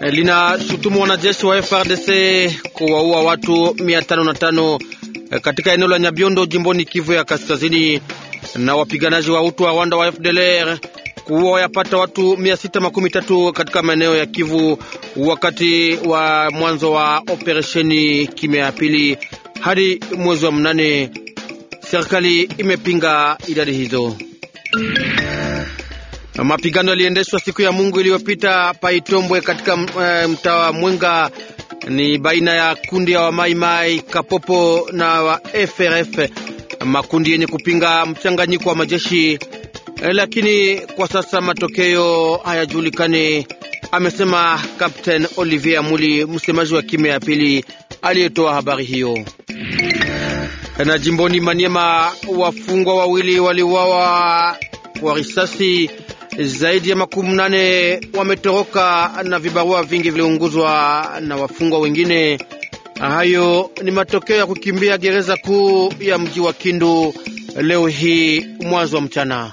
Eh, lina shutumu wanajeshi wa FRDC kuwaua watu 55 eh, katika eneo la Nyabiondo jimboni Kivu ya Kaskazini, na wapiganaji wa utu wa Rwanda wa FDLR kuwa yapata watu 613 katika maeneo ya Kivu wakati wa mwanzo wa operesheni kime ya pili hadi mwezi wa mnane. Serikali imepinga idadi hizo. Mapigano yaliendeshwa siku ya Mungu iliyopita paitombwe katika eh, mtaa wa Mwenga ni baina ya kundi ya wamaimai Kapopo na wa FRF, makundi yenye kupinga mchanganyiko wa majeshi eh, lakini kwa sasa matokeo hayajulikani, amesema Kapteni Olivier Muli, msemaji wa kime ya pili aliyetoa habari hiyo. Na jimboni Maniema, wafungwa wawili waliuawa kwa risasi zaidi ya makumi nane wametoroka na vibarua vingi viliunguzwa na wafungwa wengine. Hayo ni matokeo ya kukimbia gereza kuu ya mji wa Kindu leo hii mwanzo wa mchana.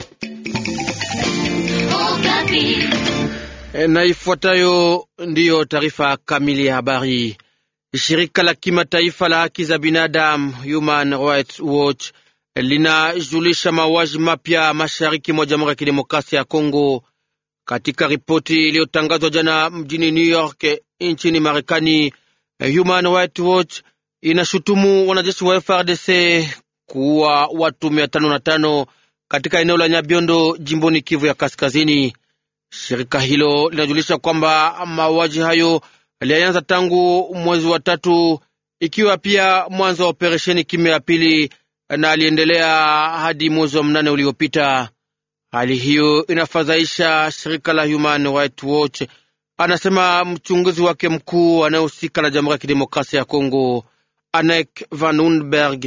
Na ifuatayo ndiyo taarifa kamili ya habari. Shirika la kimataifa la haki za binadamu Human Rights Watch linajulisha mauaji mapya mashariki mwa Jamhuri ya Kidemokrasia ya Kongo. Katika ripoti iliyotangazwa jana mjini New York nchini Marekani, Human Rights Watch inashutumu wanajeshi wa FRDC kuua watu mia tano na tano katika eneo la Nyabiondo jimboni Kivu ya Kaskazini. Shirika hilo linajulisha kwamba mauaji hayo yalianza tangu mwezi wa tatu, ikiwa pia mwanzo wa operesheni kimya ya pili na aliendelea hadi mwezi wa mnane uliopita. Hali hiyo inafadhaisha shirika la Human Rights Watch, anasema mchunguzi wake mkuu anayehusika na Jamhuri ya Kidemokrasia ya Kongo Anek Van Unberg,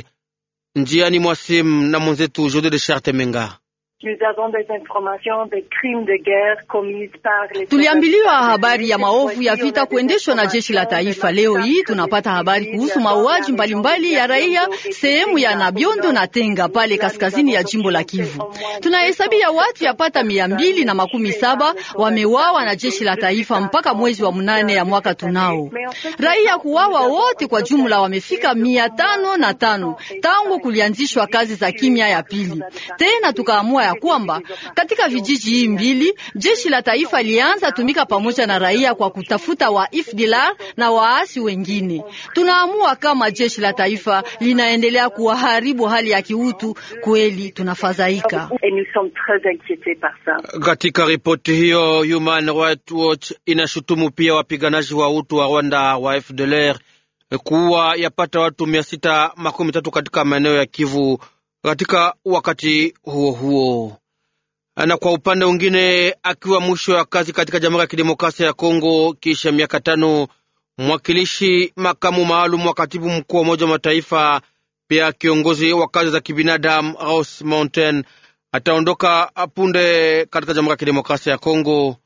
njiani mwasim na mwenzetu Jode de Charte Menga. Nous avons des informations des crimes de guerre commis par les. Tuliambiliwa habari ya maovu ya vita kuendeshwa na jeshi la taifa. Leo hii tunapata habari kuhusu mauaji mbalimbali ya raia sehemu ya Nabiondo na Tenga pale kaskazini ya jimbo la Kivu. Tunahesabia watu yapata mia mbili na makumi saba wamewawa na jeshi la taifa mpaka mwezi wa mnane ya mwaka tunao. Raia kuwawa wote kwa jumla wamefika mia tano na tano tangu kulianzishwa kazi za kimya ya pili. Tena tukaamua ya kwamba katika vijiji mbili jeshi la taifa lianza tumika pamoja na raia kwa kutafuta wa FDLR na waasi wengine. Tunaamua kama jeshi la taifa linaendelea kuwaharibu hali ya kiutu, kweli tunafadhaika. Katika ripoti hiyo, Human Rights Watch inashutumu pia wapiganaji wa utu wa Rwanda wa FDLR kuwa yapata watu mia sita makumi tatu katika maeneo ya Kivu katika wakati huo huo. Na kwa upande mwingine, akiwa mwisho wa kazi katika Jamhuri ya Kidemokrasia ya Kongo kisha miaka tano, mwakilishi makamu maalum wa katibu mkuu wa Umoja wa Mataifa pia kiongozi wa kazi za kibinadamu Ross Mountain ataondoka punde katika Jamhuri ya Kidemokrasia ya Kongo.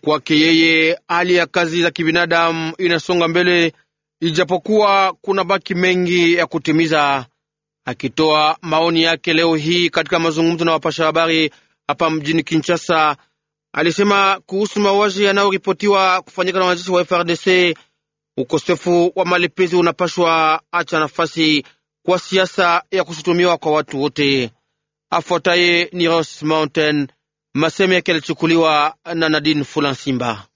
Kwake yeye, hali ya kazi za kibinadamu inasonga mbele, ijapokuwa kuna baki mengi ya kutimiza akitoa maoni yake leo hii katika mazungumzo na wapasha habari hapa mjini Kinshasa. Alisema kuhusu mauaji yanayoripotiwa kufanyika na wanajeshi wa FRDC, ukosefu wa malipizi unapashwa acha nafasi kwa siasa ya kushutumiwa kwa watu wote. Afuataye ni Ross Mountain, maseme yake yalichukuliwa na Nadine Fulansimba.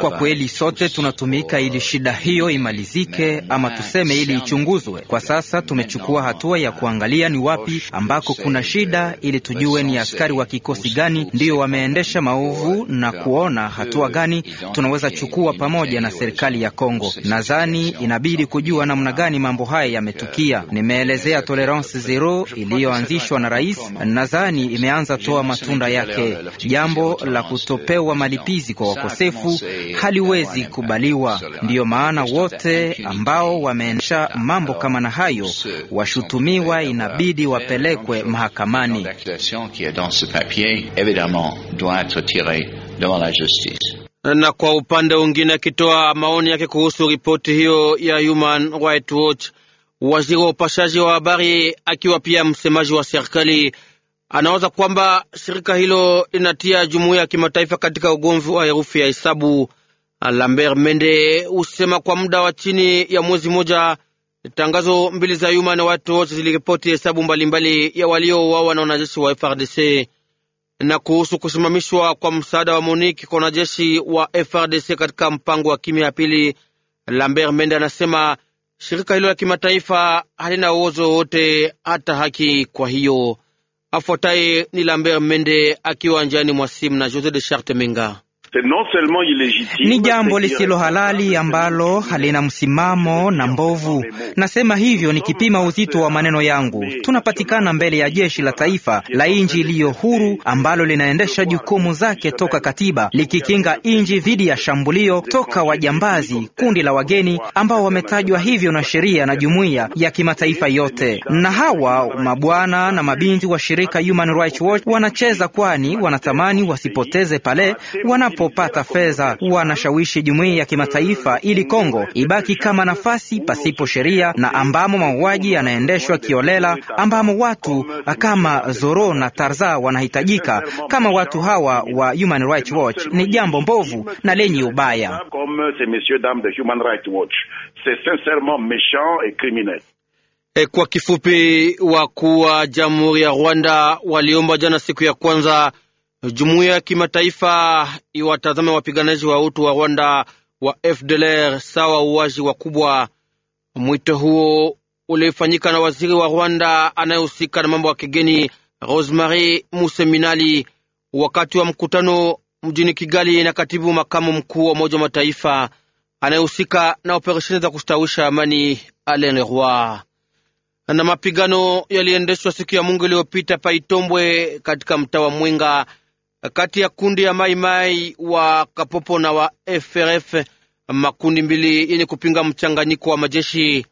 Kwa kweli sote tunatumika ili shida hiyo imalizike, ama tuseme ili ichunguzwe. Kwa sasa tumechukua hatua ya kuangalia ni wapi ambako kuna shida, ili tujue ni askari wa kikosi gani ndiyo wameendesha maovu na kuona hatua gani tunaweza chukua pamoja na serikali ya Kongo. Nadhani inabidi kujua namna gani mambo haya yametukia. Euh, Nimeelezea euh, tolerance zero iliyoanzishwa na rais, nadhani imeanza toa matunda yake. Jambo la euh, kutopewa malipizi ulinzi kwa wakosefu haliwezi kubaliwa. Ndiyo maana wote ambao wameendesha mambo kama na hayo, washutumiwa inabidi wapelekwe mahakamani. Na kwa upande mwingine, akitoa maoni yake kuhusu ripoti hiyo ya Human Rights Watch, waziri wa upashaji wa habari akiwa pia msemaji wa serikali Anawaza kwamba shirika hilo linatia jumuiya ya kimataifa katika ugomvi wa herufi ya hesabu. Lambert Mende husema kwa muda wa chini ya mwezi mmoja tangazo mbili za Human Rights Watch ziliripoti hesabu mbalimbali ya waliouawa na wanajeshi wa FRDC na kuhusu kusimamishwa kwa msaada wa MONUC kwa wanajeshi wa FRDC katika mpango wa kimya ya pili. Lambert Mende anasema shirika hilo la kimataifa halina uwezo wowote hata haki. Kwa hiyo Afuataye ni Lambert Mende akiwa njiani mwa simu na Jose de Charte Menga ni jambo lisilo halali ambalo halina msimamo na mbovu. Nasema hivyo nikipima uzito wa maneno yangu. Tunapatikana mbele ya jeshi la taifa la nji iliyo huru ambalo linaendesha jukumu zake toka katiba, likikinga inji dhidi ya shambulio toka wajambazi, kundi la wageni ambao wametajwa hivyo na sheria na jumuiya ya kimataifa yote. Na hawa mabwana na mabinti wa shirika Human Rights Watch wanacheza, kwani wanatamani wasipoteze pale wanapo wasipopata fedha shawishi jumuiya ya kimataifa ili Kongo ibaki kama nafasi pasipo sheria na ambamo mauaji yanaendeshwa kiolela, ambamo watu kama Zoro na Tarza wanahitajika kama watu hawa wa Human Rights Watch ni jambo mbovu na lenye ubaya. E, kwa kifupi, wakuu wa Jamhuri ya Rwanda waliomba jana siku ya kwanza Jumuiya ya kimataifa iwatazame wapiganaji wa utu wa Rwanda wa FDLR sawa uwaji wakubwa. Mwito huo ulifanyika na waziri wa Rwanda anayehusika na mambo ya kigeni Rosemary Museminali wakati wa mkutano mjini Kigali na katibu makamu mkuu wa Umoja wa Mataifa anayehusika na operesheni za kustawisha amani Alain Leroy. Na mapigano yaliendeshwa siku ya Mungu iliyopita pa Itombwe katika mtaa wa Mwenga kati ya kundi ya maimai wa Kapopo na wa FRF, makundi mbili yenye kupinga mchanganyiko wa majeshi,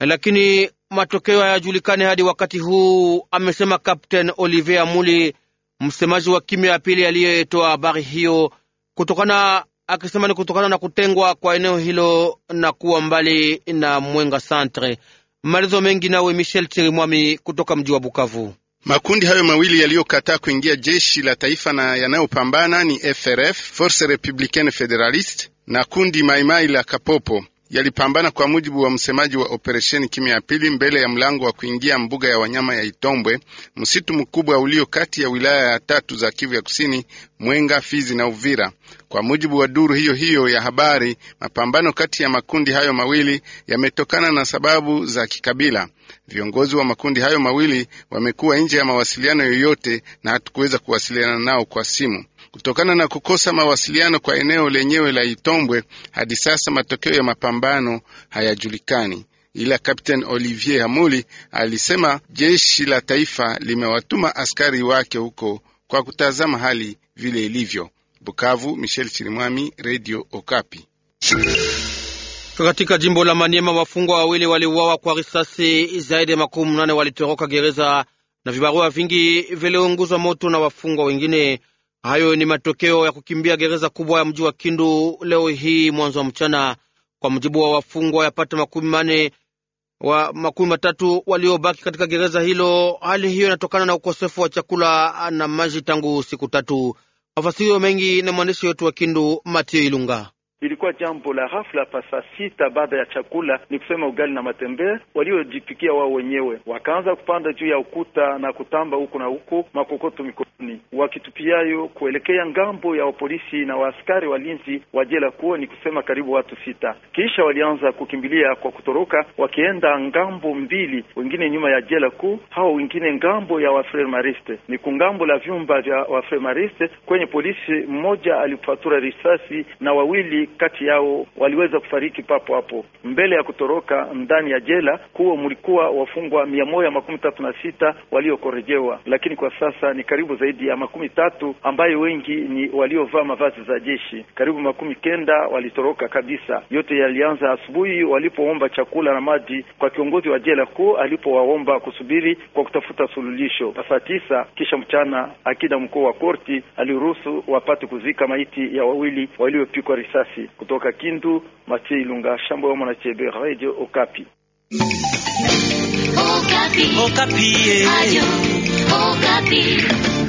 lakini matokeo hayajulikani hadi wakati huu, amesema Captain Olivier Amuli, msemaji wa kimya ya pili aliyetoa habari hiyo, kutokana akisema ni kutokana na kutengwa kwa eneo hilo na kuwa mbali na Mwenga Centre. Maelezo mengi nawe Michel Chirimwami kutoka mji wa Bukavu. Makundi hayo mawili yaliyokataa kuingia jeshi la taifa na yanayopambana ni FRF, Force Republicaine Federaliste na kundi Maimai la Kapopo yalipambana kwa mujibu wa msemaji wa operesheni kimya ya pili, mbele ya mlango wa kuingia mbuga ya wanyama ya Itombwe, msitu mkubwa ulio kati ya wilaya ya tatu za Kivu ya Kusini, Mwenga, Fizi na Uvira. Kwa mujibu wa duru hiyo hiyo ya habari, mapambano kati ya makundi hayo mawili yametokana na sababu za kikabila. Viongozi wa makundi hayo mawili wamekuwa nje ya mawasiliano yoyote na hatukuweza kuwasiliana nao kwa simu. Kutokana na kukosa mawasiliano kwa eneo lenyewe la Itombwe, hadi sasa matokeo ya mapambano hayajulikani, ila Kapteni Olivier Hamuli alisema jeshi la taifa limewatuma askari wake huko kwa kutazama hali vile ilivyo. Bukavu, Michel Chirimwami, Radio Okapi. Katika jimbo la Maniema, wafungwa wawili waliuawa kwa risasi, zaidi ya makumi mnane walitoroka gereza na vibarua vingi viliunguzwa moto na wafungwa wengine. Hayo ni matokeo ya kukimbia gereza kubwa ya mji wa Kindu leo hii mwanzo wa mchana, kwa mujibu wa wafungwa yapata makumi mane wa makumi matatu waliobaki katika gereza hilo. Hali hiyo inatokana na ukosefu wa chakula na maji tangu siku tatu. Mafasirio mengi na mwandishi wetu wa Kindu, Matio Ilunga. Ilikuwa jambo la ghafla pa saa sita baada ya chakula, ni kusema ugali na matembee waliojipikia wao wenyewe, wakaanza kupanda juu ya ukuta na kutamba huku na huku makokoto miko karne wakitupiayo kuelekea ngambo ya wapolisi na waaskari walinzi wa jela kuu, ni kusema karibu watu sita. Kisha walianza kukimbilia kwa kutoroka wakienda ngambo mbili, wengine nyuma ya jela kuu, hao wengine ngambo ya wafremariste, ni kungambo la vyumba vya wafremariste kwenye polisi mmoja alifatura risasi na wawili kati yao waliweza kufariki papo hapo. Mbele ya kutoroka ndani ya jela kuwa mlikuwa wafungwa mia moja makumi tatu na sita waliokorejewa, lakini kwa sasa ni karibu zaidi zaidi ya makumi tatu ambayo wengi ni waliovaa mavazi za jeshi. Karibu makumi kenda walitoroka kabisa. Yote yalianza asubuhi walipoomba chakula na maji kwa kiongozi wa jela kuu alipowaomba kusubiri kwa kutafuta suluhisho. Saa tisa kisha mchana, akida mkuu wa korti aliruhusu wapate kuzika maiti ya wawili waliopikwa risasi. Kutoka Kindu, Matie Ilunga Shambo ya Mwanachebe, Radio Okapi. Okapi. Okapi. Eh.